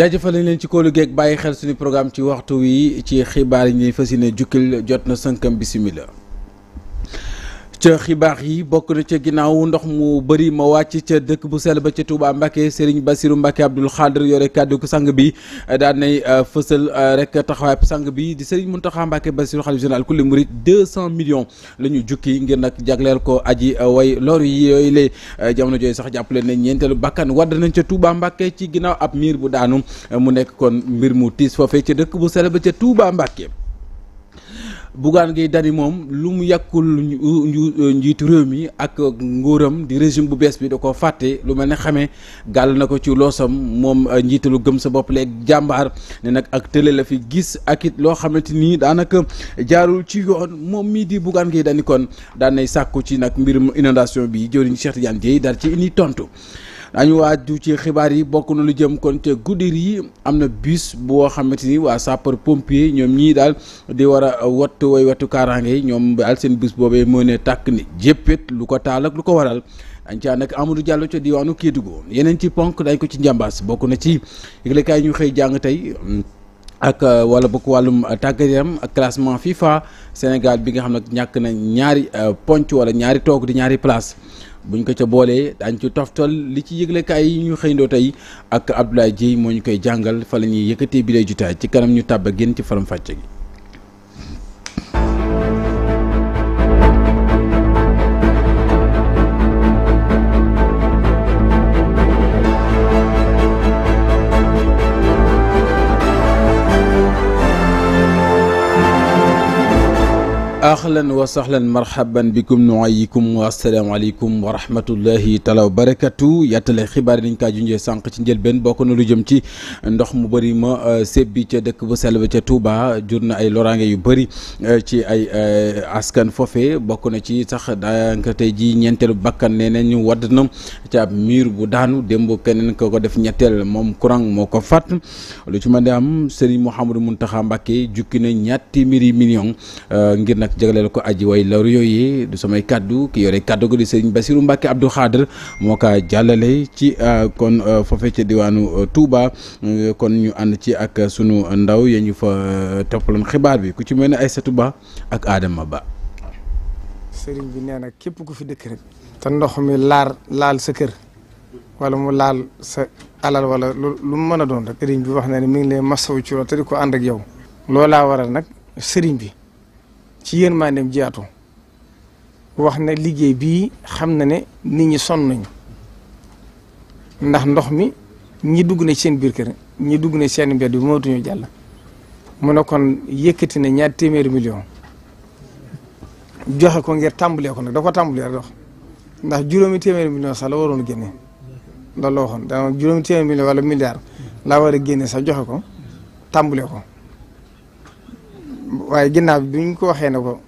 jaajëfal nañ leen ci kóolu geeg bàyyi xel suñu programme ci waxtu wi ci xibaar yi ñuy fas ne jukkil jot na sënkam bisimila ca xibaax yi bokk na ca ginnaaw ndox mu bëri ma wàcc ca dëkk bu sell ba ca Touba Mbacke Serigne Bassirou Mbacke Abdoul Khadr yore kàddu ko sang bi eh, daan nay eh, fësal eh, rek taxawaayab sang bi di mun Serigne Mountakha Mbacke Bassirou xalif général kulli murit 200 millions la ñu jukki ngir nag jagleel ko aji way loru yi yooyu lee jamono jooy sax jàppale nañ ñeenteelu bakkan wadd nañ ca Touba Mbacke ci ginnaaw ab miir bu daanu mu nekk kon mbir mu tiis foofee ca dëkk bu sell ba ca Touba Mbacke. Bougane Gueye Dany moom lu mu yàkkul euh, njiitu réew mi ak nguuram di régime bu bees bi da koo fàtte lu mel ne xamee gàll na ko ci loosam moom euh, njiitalu gëm sa bopp leeg jàmbaar ne nag ak tële la fi gis ak it loo xamante nii daanaka jaarul ci yoon moom mii di Bougane Gueye Dany kon daan nay sàkku ci nag mbirum inondation bi jëriñ Cheikh Tidiane Dièye daal ci indi tontu dañu waaju ci xibaar yi bokk na lu jëm kon te guddir yi am na bus boo xamante ni waa sapeur pompier ñoom ñii daal di war a wattu way wattu kaaraange yi ñoom daal seen bus boobee moo ne tàkk ni jéppét lu ko taal ak lu ko waral dañ caa nag Amadou Diallo ca diwaanu Kédougou yeneen ci ponk dañ ko ci njàmbaas bokk na ci yëglekaay ñu xëy jàng tey ak euh, wala bokk wàllum tàggat yaram ak classement FIFA Sénégal bi nga xam nag ñàkk na ñaari euh, ponc wala ñaari toog di ñaari place buñ ko ca boolee daañ ci toftal li ci yëglekaay yi ñu xëyndoo tey ak Abdoulaye Dieye moo ñu koy jàngal fa la ñuy yëkkatee bi lay jutaay ci kanam ñu tàbb génn ci faram fàcce gi ahlan wa sahlan marhaban bikum nuwayikum wa asalaamaaleykum wa rahmatullahi taala wa barakatu yattale xibaar yi dañ kaa junjee sànq ci njëlbeen bokk na lu jëm ci ndox mu bari ma euh, sebbi ca dëkk bu sell ba ca Touba jur na ay loraange yu bari euh, ci ay euh, askan fofe bokk na ci sax daanaka tey ji ñeenteelu bakkan nee na ñu wadd na ca ab miir bu daanu démb keneen ko ko def ñetteel moom courant moo ko fàtt lu ci mën di am Serigne Mouhamadou Mountakha Mbacké jukki na ñatti miri million ngir nag nag jagleel ko aji way lor yooyu du samay kàddu ki yore kaddu ko di sëriñ Bassirou Mbacke Abdou Khadre moo kaa jàllale ci euh, kon euh, foofe ca diwaanu euh, tuuba kon ñu ànd ci ak sunu ndaw ya ñu fa toppaloon xibaar bi ku ci mel ne Aïssatou Ba ak Adama Ba. sëriñ bi nee na képp ku fi dëkk rek. te ndox mi laar laal sa kër wala mu laal sa alal wala lu mu mën a doon rek sëriñ bi wax na ne mi ngi lay masawu ci loolu te di ko ànd ak yow. laa waral nag sëriñ bi. ci yërmandeem jaatu wax na liggéey bii xam na ne ni ñi sonn nañu ndax ndox mi ñi dugg na ci seen biir kër ñi dugg na seen mbedd bi mootuñu jàll mu ne kon yëkkati na ñaar téeméeri million joxe ko ngir tàmbalee ko nag da ko tàmbalee rek ndax juróomi téeméeri million sax la waroon génne loolu la waxoon da juróomi téeméeri million wala milliard laa war a génne sax joxe ko tàmbalee ko waaye ginnaaw bi ñu ko waxee ne ko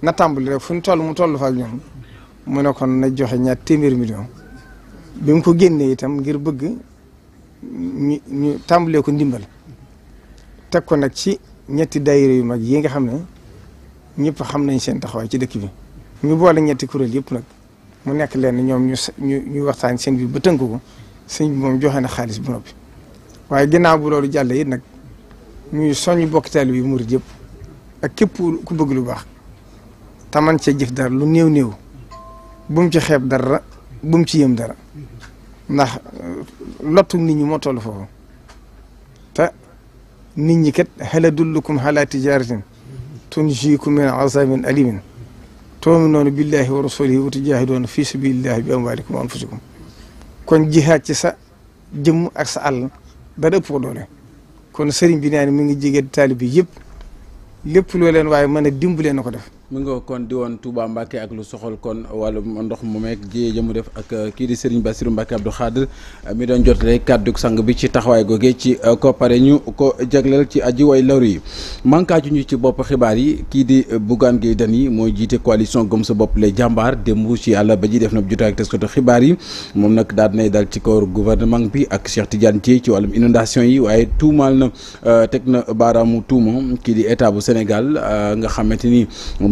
na tàmbali rek fu ñu toll mu tollu fa ak ñoom mu ne kon na joxe ñaar téeméer million bi mu ko génnee itam ngir bëgg ñu ñu tàmbalee ko ndimbal teg ko nag ci ñetti daayira yu mag yi nga xam ne ñëpp xam nañ seen taxawaay ci dëkk bi. ñu boole ñetti kuréel yëpp nag mu nekk leen ñoom ñu ñu ñu waxtaan seen bi ba tënk ko sëñ bi moom joxe na xaalis bu noppi waaye ginnaaw bu loolu jàll it nag ñuy soññ bokkitaal bi murid yëpp. ak képp ku bëgg lu baax te man cee jëf dara lu néew néew bu mu ci xeeb dara bu mu ci yëm dara ndax euh, lottu nit ñi moo toll foofu te nit ñi kat hal adullukum ala tijaratin tunjiikum min azabin alimin tu'minuuna billahi wa rasulihi wa tujaahiduuna fi sabilillahi bi amwaalikum wa anfusikum kon jihaat ci sa jëmm ak sa àll dara ëpp ko doole kon sëriñ bi naan ne mi ngi jege taalib bi yëpp lépp loo leen waaye mën a dimbale na ko def mungo kon di woon Touba Mbacke ak lu soxol kon walu ndox mu meeg jiyee jëmu def ak euh, ki di Serigne Bassirou Mbacke Abdou Khadre euh, mi doon jotale kaddu sang bi ci taxawaay goge ci euh, koppare ñu ko jagleel ci aji way lawru yi mankaaju ñu ci bop xibaar yi ki di Bougane gey Dany moy jité coalition gom sa bop les jambar dembu ci àll ba ji def na jotaay ak taskatu xibaar yi mom nak nay dal ci gouvernement bi ak Cheikh Tidiane Dièye ci walum inondation yi waaye tuumaal na teg na di état bu Sénégal nga xamante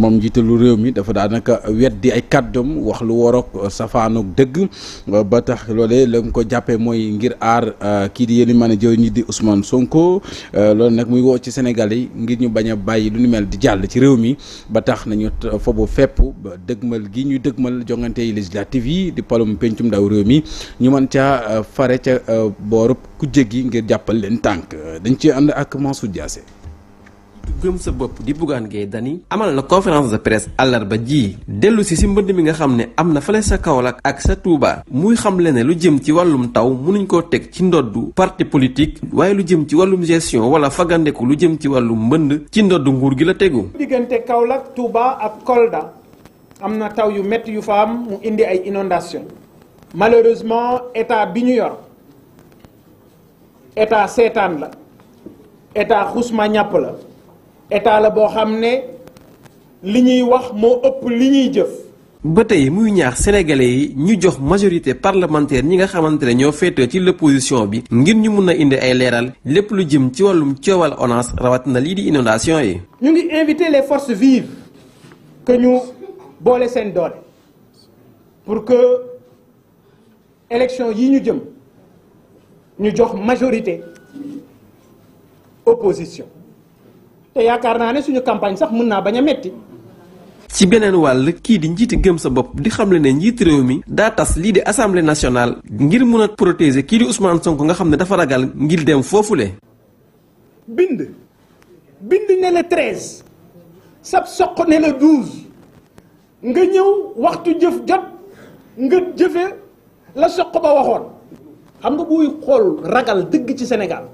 mom jitalu rew mi dafa danaka weddi ay kaddum wax lu worok uh, safanu deug uh, ba tax lolé lam ko jappé moy ngir ar uh, ki di yeli mané jow nit di Ousmane Sonko lolé nak muy wo ci Sénégal yi ngir ñu baña bayyi lu ñu mel di jall ci rew mi ba tax nañu fobo fep ba deugmal gi ñu deugmal jonganté législative yi di palum pencum daw rew mi ñu man ca faré ca borup ku jéggi ngir jappal len tank dañ ci and ak Mansour Diassé gëm sa bopp di Bougane Gueye dani amal na conférence de presse àllarba jii dellu si si mbënd mi nga xam ne am na fale sa Kaolack ak sa Touba muy xamle ne lu jëm ci wàllum taw mënuñ koo teg ci ndoddu parti politique waaye lu jëm ci wàllum gestion wala fagandeku lu jëm ci wàllum mbënd ci ndoddu nguur gi la tegu. diggante Kaolack Touba ak Kolda am na taw yu métti yu fa am mu indi ay inondation malheureusement état bi ñu yor état seetaan la état xusma ñàpp la. état la bo xamné ne li ñuy wax mo ëpp li ñuy jëf. ba tay muy ñaar sénégalais yi ñu jox majorité parlementaire ñi nga xamante ño fété ci l'opposition bi ngir ñu mëna indi ay léral lépp lu jëm ci walum wàllum coowal rawat na li di inondation yi. ñu ngi inviter les forces vives que ñu bolé sen doole pour que élection yi ñu jëm ñu jox majorité opposition. te yaakaar naa ne suñu campagne sax mën naa bañ a metti. ci beneen wàll kii di njiiti gëm sa bopp di xamle ne njiit réew mi daa tas lii di assemblée nationale ngir mun a protéger kii di Ousmane Sonko nga xam ne dafa ragal ngir dem foofule. bind bind ne la treize sab soq ne la douze nga ñëw waxtu jëf jot nga jëfe la soq ba waxoon xam nga buy xool ragal dëgg ci Sénégal.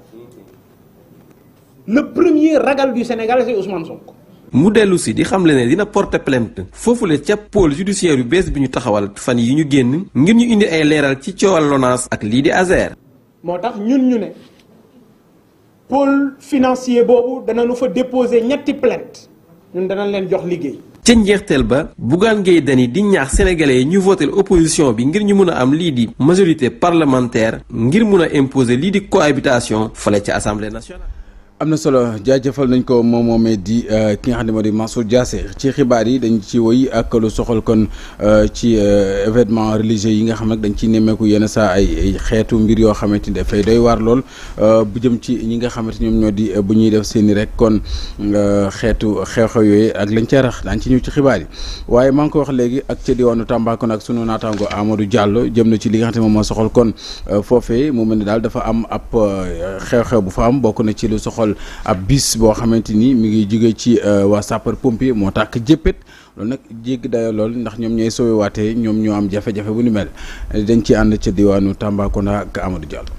le premier ragal du Sénégal c'est Ousmane Sonko. mu dellu si di xamle porte dina porter plainte que le pôle judiciaire du BES, bi ñu taxawal fan yi ñu génn ngir ñu indi ay leeral ci coowal LONASE ak avec di ASER. moo ñun ñu le pôle financier boobu danañu fa déposer une plainte ñun danañ leen jox liggéey. ca njeexteel ba Bougane Gueye Dany di les sénégalais yi ñu l'opposition opposition bi ngir ñu di majorité parlementaire ngir mun imposer li di cohabitation fale ca assemblée nationale. am na solo jaajëfal nañ ko moom moomee di euh, ki nga xam ne moo di Mansour Diassé ci xibaar yi dañ ci woy ak lu soxal kon euh, ci euh, événement religieux yi nga xam nag dañ ci nemmeeku yenn saa ay xeetu mbir yoo xamante ni dafay doy waar lool bu jëm ci ñi nga xamante ñoom ñoo di bu ñuy def seeni rek kon xeetu xew yooyu ak lañ ca rax ci ñëw ci xibaar yi waaye maa ngi ko wax léegi ak ca diwaanu Tamba kon ak sunu naataango du Diallo jëm na ci li nga xam ne moom moo soxal kon foofee mu mel ni daal dafa am ab xew-xew bu fa am bokk na ci lu soxal ab bis boo xamante ni mu ngi jóge ci euh, waa sapeur pompier moo takk jëppét loolu nag jéggi dayo lool ndax ñoom ñooy soowiwaatee ñoom ñoo am jafe-jafe bu nu mel dañ ci ànd ca diwaanu Tambacounda ak Amadou Diallo.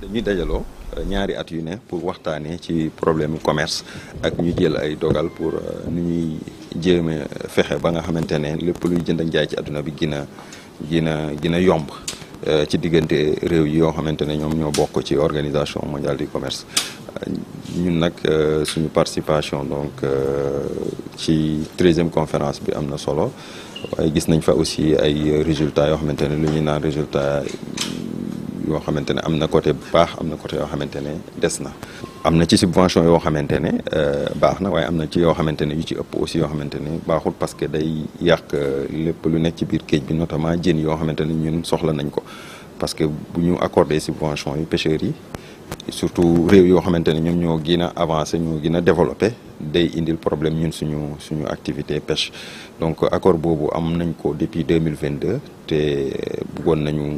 dañuy dajaloo euh, ñaari at yu ne pour waxtaanee ci problème commerce ak ñu jël ay dogal pour euh, nu ñuy jéem fexe ba nga xamante ne lépp luy jënd ak jaay ci àdduna bi gën a gën a yomb. Euh, ci diggante réew yi yoo xamante ne ñoom ñoo bokk ci organisation mondiale du commerce ñun nag euh, suñu participation donc euh, ci treizième conférence bi am na solo waaye gis nañ fa aussi ay résultats yoo xamante ne lu ñuy naan résultats yoo xamante ne am na côté bu baax am na côté yoo xamante ne des na. amna ci subvention yo xamantene euh baxna way amna ci yo xamantene yu ci ëpp aussi yo xamantene baxul parce que day yak euh, lepp lu nekk ci biir géej bi notamment jën yo xamantene ñun soxla nañ ko parce que buñu accorder accordé subvention yu pêcheurs yi surtout réew yo xamantene ñom ñoo gën avancer ñoo gën développer day indil problème ñun suñu suñu activité pêche donc accord bobu am nañ ko depuis 2022 té bëggon nañu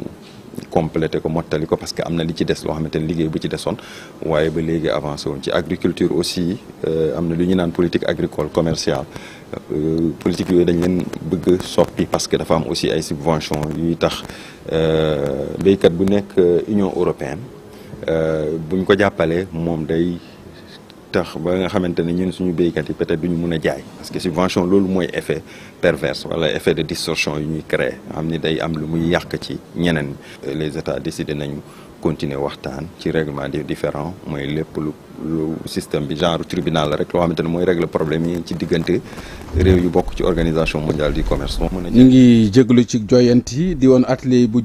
complété ko mottali ko parce que am na li ci des loo xamante ni liggéey bu ci desoon waaye ba léegi avancé woon ci agriculture aussi euh, am na lu ñu naan politique agricole commerciale euh, politique yooyu dañ leen bëgg soppi parce que dafa am aussi ay subvention yuy tax euh, béykat bu nekk Union européenne buñ ko jàppale moom day tax ba nga xamanteni ñun suñu béykat yi peut-être duñu mëna jaay parce que subvention loolu moy effet perverse wala effet de distorsion yu ñuy créer xam ni day am lu muy yàq ci ñeneen les états décidé nañu continuer waxtaan ci règlement différent moy lepp lu lu système bi genre tribunal la rek loo xamante ne mooy régler problème yi ci diggante réew yu bokk ci organisation mondiale du commerce. ñu ngi jéglu ci bu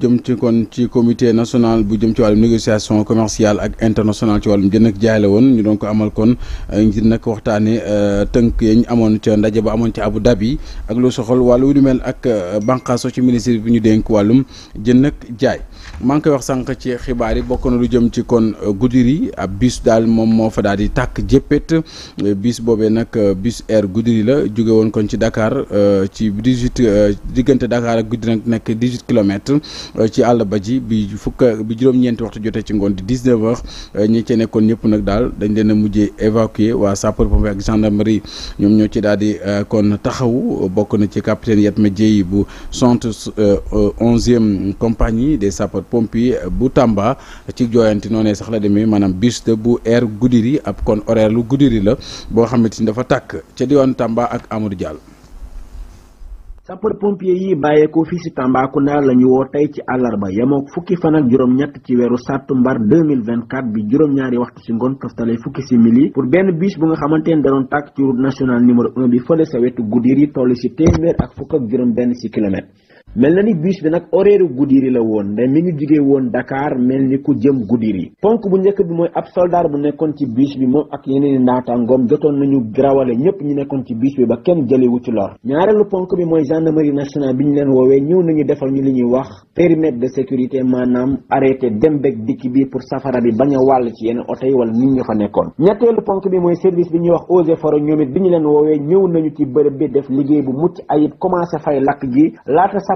jëm ci ci comité national bu jëm ci wàllum négociation commerciale ak internationale ci wàllum jënd ak jaay la ko amal kon euh, ngir nag waxtaanee euh, tënk ya amoon ca ndaje amoon ca Abu Dhabi ak lu soxal wàllu lu mel ak euh, bànqaaso ci ministère bi ñu dénk wàllum jënd ak jaay maa ngi koy wax sànq ci xibaar yi bokk na lu jëm ci kon Goudiri ab bis daal moom. moo fa daal di tàkk jëppét bis boobee nag bus air Goudiri la jóge woon kon ci Dakar euh, ci 18 euh, diggante Dakar ak nag nekk 18 euh, ci àll ba ji bi fukk bi juróom-ñeenti waxtu jotee ci ngoon di 19 heures ñi ci nekkoon ñëpp nag daal dañ leen a mujjee évacuer waa sapeur pompier ak gendarmerie ñoom ñoo ci daal di kon taxawu bokk na ci capitaine ma Dieye bu cent onzième compagnie de sapeurs pompiers bu Tamba ci jooyanti noonee sax la demee maanaam bus de guddiri ab kon horaire lu guddiri la bo xamanteni dafa tak ci diwan tamba ak amadou dial sapeur pompier yi baye ko fi ci tamba ku nar lañu wo tay ci alarma yamok fukki fan ak juroom ñett ci wéru septembre 2024 bi juroom ñaari waxtu ci ngon kaftalay fukki ci mili pour ben bus bu nga xamanteni da ron tak ci route nationale numéro 1 bi fele sa wettu guddir yi tollu ci témèr ak fukk ak juroom ben ci kilomètre mel na ni bis bi nag horaire Goudiry la woon nde mi ngi jugee woon Dakar mel ni ku jëm Goudiry ponk bu njëkk bi mooy ab soldaar bu nekkoon ci bis bi moom ak yeneen naataangoom jotoon nañu grawale ñëpp ñu nekkoon ci bis bi ba kenn jëlewu ci lor ñaareelu ponk bi mooy gendarmerie nationale bi ñu leen woowee ñëw nañu defal ñu li ñuy wax périmètre de sécurité maanaam arrêté dem bég dikki bi pour safara bi bañ a wàll ci yenn oto yi wala nit ñi fa nekkoon ñetteelu ponk bi mooy service bi ñuy wax eaux et forêts ñoom it bi ñu leen woowee ñëw nañu ci bërëb bi def liggéey bu mucc ayib commencé fay lakk gi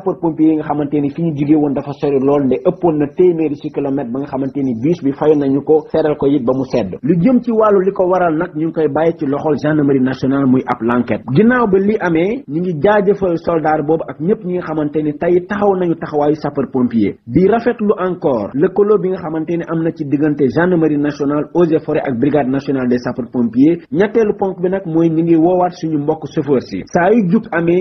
sapeur pompier yi nga xamante ni fi ñu jugee woon dafa sori lool ne ëppoon na téeméeri ci kilomètre ba nga xamante ni bus bi fayoon nañu ko seeral ko it ba mu sedd lu jëm ci wàllu li ko waral nag ñu ngi koy bàyyi ci loxol gendarmerie nationale muy ab l'enquête ginnaaw ba li amee ñu ngi jaajëfal soldaar boobu ak ñëpp ñi nga xamante ni tey taxaw nañu taxawaayu sapeur pompier di rafetlu encore lëkkaloo bi nga xamante ni am na ci diggante gendarmerie nationale eaux et forêts ak brigade nationale des sapeurs pompiers ñetteelu ponk bi nag mooy ñu ngi woowaat suñu mbokk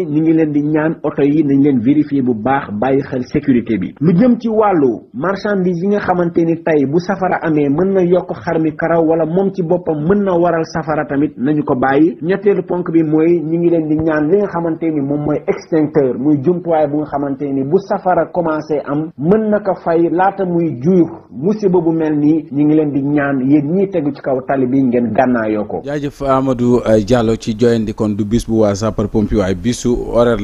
ñu ngi leen yi vérifier bu baax bàyyi xel sécurité bi lu jëm ci wàllu marchandise yi nga xamante ni tey bu safara amee mën na yokk xar mi karaw wala moom ci boppam mën na waral safara tamit nañu ko bàyyi ñetteelu ponk bi mooy ñu ngi leen di ñaan li nga xamante ni moom mooy extincteur muy jumtuwaay bu nga xamante ni bu safara commencé am mën na ko fay laata muy juyux musiba bu mel nii ñu ngi leen di ñaan yéen ñiy tegu ci kaw tali bi ngeen gànnaayoo ko jaajëf Amadou eh, Diallo ci joyandi kon du bu waa sapeur pompier waaye bisu horaire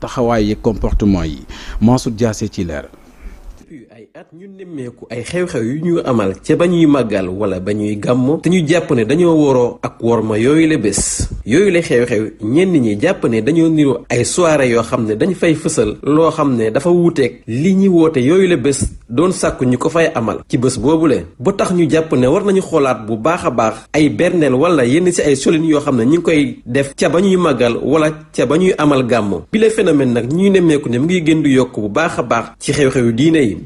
taxawaay yi comportement yi Mansour Diassé ci leer at ñu nemmeeku ay xew-xew yu ñu amal ca ba ñuy màggal wala ba ñuy gàmm te ñu jàpp ne dañoo waroo ak worma yooyu la bés yooyu la xew-xew ñenn ñi jàpp ne dañoo niroo ay soirée yoo xam ne dañu fay fësal loo xam ne dafa wuuteeg li ñuy woote yooyu la bés doon sàkku ñu ko fay amal ci bés boobu le ba tax ñu jàpp ne war nañu xoolaat bu baax a baax ay berndeel wala yenn ci ay solin yoo xam ne ñu ngi koy def ca ba ñuy màggal wala ca ba ñuy amal gàmm bi la phénomène nag ñu nemmeeku ne mu ngi gën di yokk bu baax a baax ci xew diine yi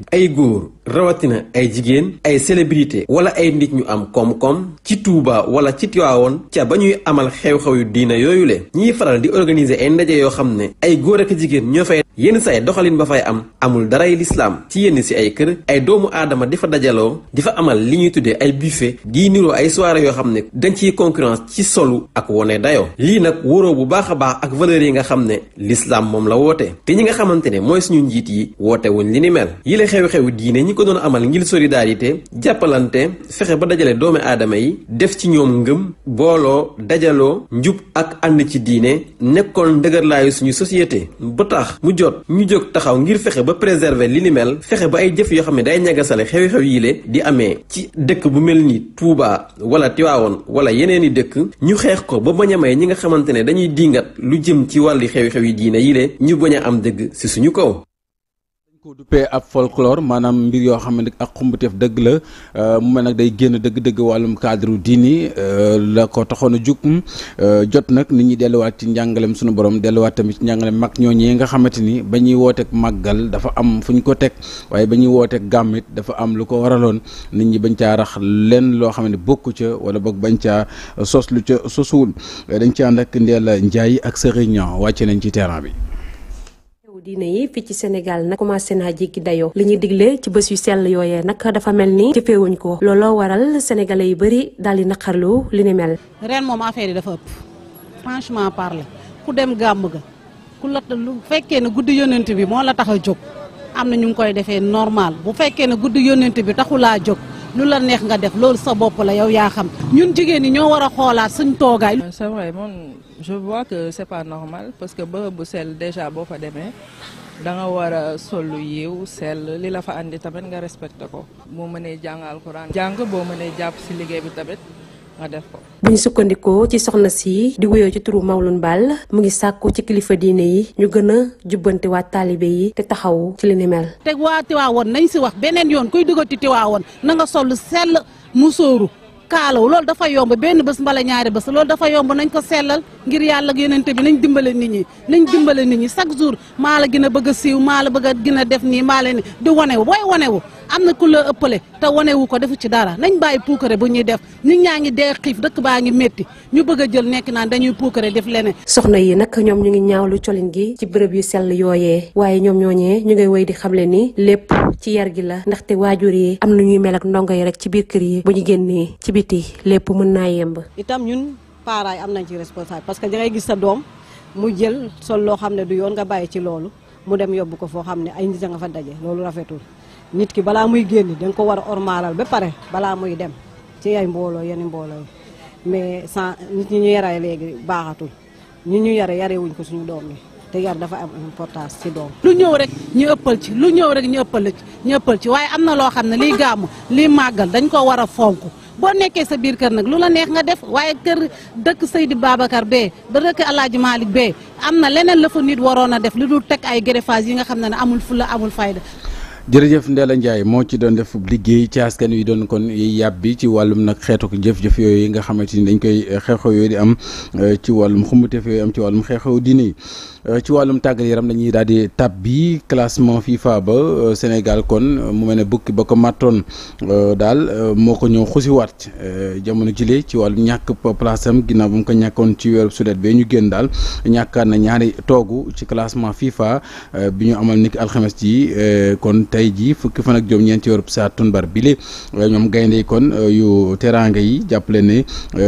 góor rawatina ay jigéen ay célébrité wala ay nit ñu am koom-koom ci Touba wala ci Tiwaawoon ca ba ñuy amal xew-xew yu diina yooyu le ñiy faral di organiser ay ndaje yoo xam ne ay góor ak jigéen ñoo fay yenn si ay doxalin ba fay am amul daray lislaam ci yenn si ay kër ay doomu aadama di fa dajaloo di fa amal li ñuy tuddee ay buffet di niroo ay soirée yoo xam ne dañ ciy concurrence ci solu ak wone dayoo lii nag waroo bu baax a baax ak valeurs yi nga xam ne lislaam moom la woote te ñi nga xamante ne mooy suñu njiit yi woote wuñ li ni mel yi la xew-xewi diine ñi ko doon amal ngir solidarité jàppalante fexe ba dajale doomi aadama yi def ci ñoom ngëm booloo dajaloo njub ak ànd ci diine nekkoon dëgërlaayu suñu société jot ñu jóg taxaw ngir fexe ba préserver li fexe ba ay jëf yoo xam ne day ñagasale xew-xew yi le di amee ci dëkk bu mel ni Touba wala Tiwaawoon wala yeneen i dëkk ñu xeex ko ba bañ a may ñi nga xamante ne dañuy diingat lu jëm ci wàlli xew-xew yi diine yi le ñu bañ a am dëgg ci suñu kaw ko duppee ab folklore maanaam mbir yoo xam ne ak xumbuteef dëgg la euh, mu mel nag day génn dëgg-dëgg wàllum cadre diini euh, la ko taxoon a jug euh, jot nag nit ñi delluwaat ci njàngalem sunu borom delluwaat tamit ci njàngalem mag ñooñee nga xamante ni ba ñuy wooteeg màggal dafa am fu ñu ko teg waaye ba ñuy wooteeg gàmmit dafa am lu ko waraloon nit ñi bañ caa rax leen loo xam ne bokku ca wala boog bañ caa sos lu ca sosuwul dañ ci ànd ak Ndella Ndiaye ak Serigne Niang nañ ci terrain bi. diine yi fii ci Sénégal nag commencé naa jéggi dayoo li ñuy digle ci bés yu sell yooyee nag dafa mel ni jëfeewuñ ko looloo waral sénégalais yu bëri daal di naqarlu li ni mel. ren moom affaire yi dafa ëpp franchement parler ku dem gàmm ga ku la lu fekkee ne guddi yonent bi moo la tax a jóg am na ñu ngi koy defee normal bu fekkee ne guddi yonent bi taxulaa jóg. lu la neex nga def loolu sa bopp la yow yaa xam ñun jigéen ñi ñoo war a xoolaat suñ toogaay. Euh, c'est vrai man je vois que c'est pas normal parce que ba bu sell déjà boo fa demee danga nga war a sollu yiw sell li la fa andi tamit nga respecté ko. boo mënee jàng alxuraan. jàng boo mënee jàpp si liggéey bi tamit. ma def ko. bu ñu sukkandikoo ci soxna si di wuyoo ci turu Mawlune Ball mu ngi sàkku ci kilifa diine yi ñu gën a jubbanti waa taalibe yi te taxawu ci li ni mel. teg waa Tiwaawoon nañ si wax beneen yoon kuy duggati Tiwaawoon na nga sol sell musóoru kaalaw loolu dafa yomb benn bés mbala ñaari bés loolu dafa yomb nañ ko sellal ngir yàlla ak yeneen bi nañ dimbale nit ñi nañ dimbale nit ñi chaque jour maa la gën a bëgg a siiw maa la bëgg a gën def nii maa la ni di wane wu booy wane wu am na ku la ëppale te wanewu ko defu ci dara nañ bàyyi puukare bu ñuy def nit ñaa ngi dee xiif dëkk baa ngi métti ñu bëgg a jël nekk naan dañuy puukare def leneen. soxna yi nag ñoom ñu ngi ñaaw lu colin gi ci bërëb yu sell yooyee waaye ñoom ñooñee ñu ngay wéy di xamle ni lépp ci yar gi la ndaxte waajur yi am na ñuy mel ak ndongo yi rek ci biir kër yi bu ñu génnee ci biti lépp mën naa yemb. itam ñun parents yi am nañ ci responsable parce que da ngay gis sa doom mu jël sol loo xam ne du yoon nga bàyyi ci loolu mu dem yóbbu ko foo xam ne ay nit nga fa daje loolu rafetul nit ki balaa muy génn da nga ko war a ormaalal ba pare balaa muy dem ci ay mbooloo yenn mbooloo mais sans nit ñi ñu yaree léegi baaxatul ñi ñu yare wuñ ko suñu doom yi te yar dafa am importance ci doom. lu ñëw rek ñu ëppal ci lu ñëw rek ñu ëppal ci waaye am na loo xam ne liy gàmmu liy màggal dañ ko war a fonk boo nekkee sa biir kër nag lu la neex nga def waaye kër dëkk Seydi Babacar bee ba dëkk El Hadj bee am na leneen la fa nit waroon a def lu dul teg ay greffage yi nga xam ne amul fulla amul fayda. jërëjëf Ndella Ndiaye moo ci doon def liggéey ci askan wi doon kon yàbbi ci wàllum nag xeetu jëf-jëf yooyu nga xamante ni dañ koy xew-xew yooyu di am eh, ci wàllum xumbuteef yooyu am ci wàllum xew-xew diine yi Euh, ci wàllum tàggat yaram dañuy daal di tab bi classement FIFA ba euh, Sénégal kon euh, mu mel ne bukki ba ko mattoon daal moo ko ñëw xusiwaat jamono jile ci wàllum ñàkk place am ginnaaw ba ko ñàkkoon ci weeru sudet bee ñu génn daal ñàkkaat na ñaari toogu ci classement FIFA bi ñu amal niki alxames ji kon tey ji fukki fan ak juróom ñeent ci weeru satumbar bile ñoom gaynde yi kon yu teraanga yi jàppale ne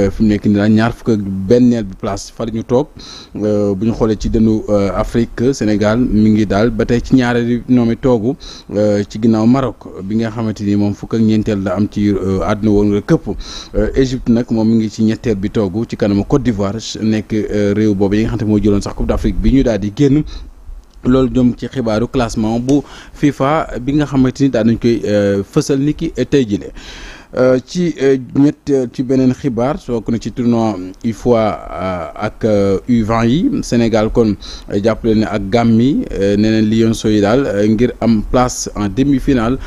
fi mu nekk nii daal ñaar fukk ak benneel bi place ñu toog bu Euh, Afrique Sénégal mi ngi daal ba tey ci ñaareelu noomi toogu euh, ci ginnaaw Maroc bi nga xamante ni moom fukk ak ñeenteel la am ci euh, àdduna woon nga këpp Égypte nag moom mi ngi ci ñetteel bi toogu ci kanamu Côte d'Ivoire nekk réew boobu yi nga xam ne moo jëloon sax Coupe d'Afrique bi ñu daal di génn. loolu jëm ci xibaaru classement bu FIFA bi nga xamante ni daal nañ koy fësal ni ki tey jile Euh, ci euh, ñet euh, ci benen xibar soo ko ne ci tournoi UFOA ak U20 yi Sénégal kon jàppale ne ak Gambie neneen lion yi daal ngir am place en demi-finale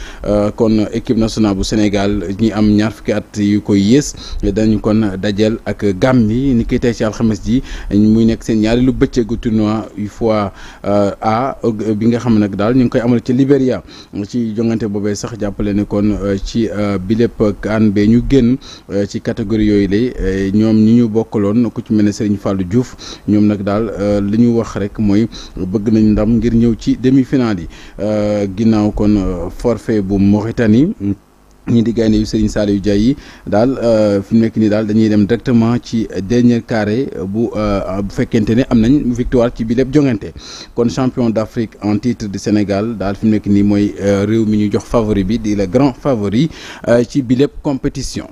kon équipe nationale bu Sénégal ñi am ñaar fukki at yu koy yes dañu kon dajel ak Gambie ni koy tey ci alxames ji muy nekk seen ñaareelu gu tournoi UFOA A bi nga xam nak daal ñu koy amal ci Libéria ci jongante bobé sax jàppale ne kon ci bilep ak bee ñu génn euh, ci catégorie yooyu lay euh, ñoom ñi ñu bokkaloon ku ci mel ne Serigne fallu Diouf ñoom nag daal euh, li ñu wax rek mooy bëgg nañ ndam ngir ñëw ci demi-finale yi ginnaaw kon forfait bu Mauritanie ñii di gaynde yu Serigne Saliou Dia yi dal euh, fi mu nekk nii dañuy dem directement ci dernier carré bu euh, bu fekkente ne am nañ victoire ci bilep lépp jongante kon champion d'Afrique en titre du Sénégal dal fi nek ni moy euh, rew mi ñu jox favori bi di le grand favori ci bilep compétition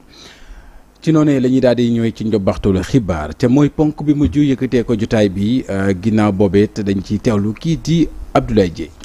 ci noné la daal di ñëwee ci njobbaxtalu xibar té moy ponk bi mujj yëkkatee ko jotaay bi ginnaaw bobé té dañ ci teewlu ki di Abdoulaye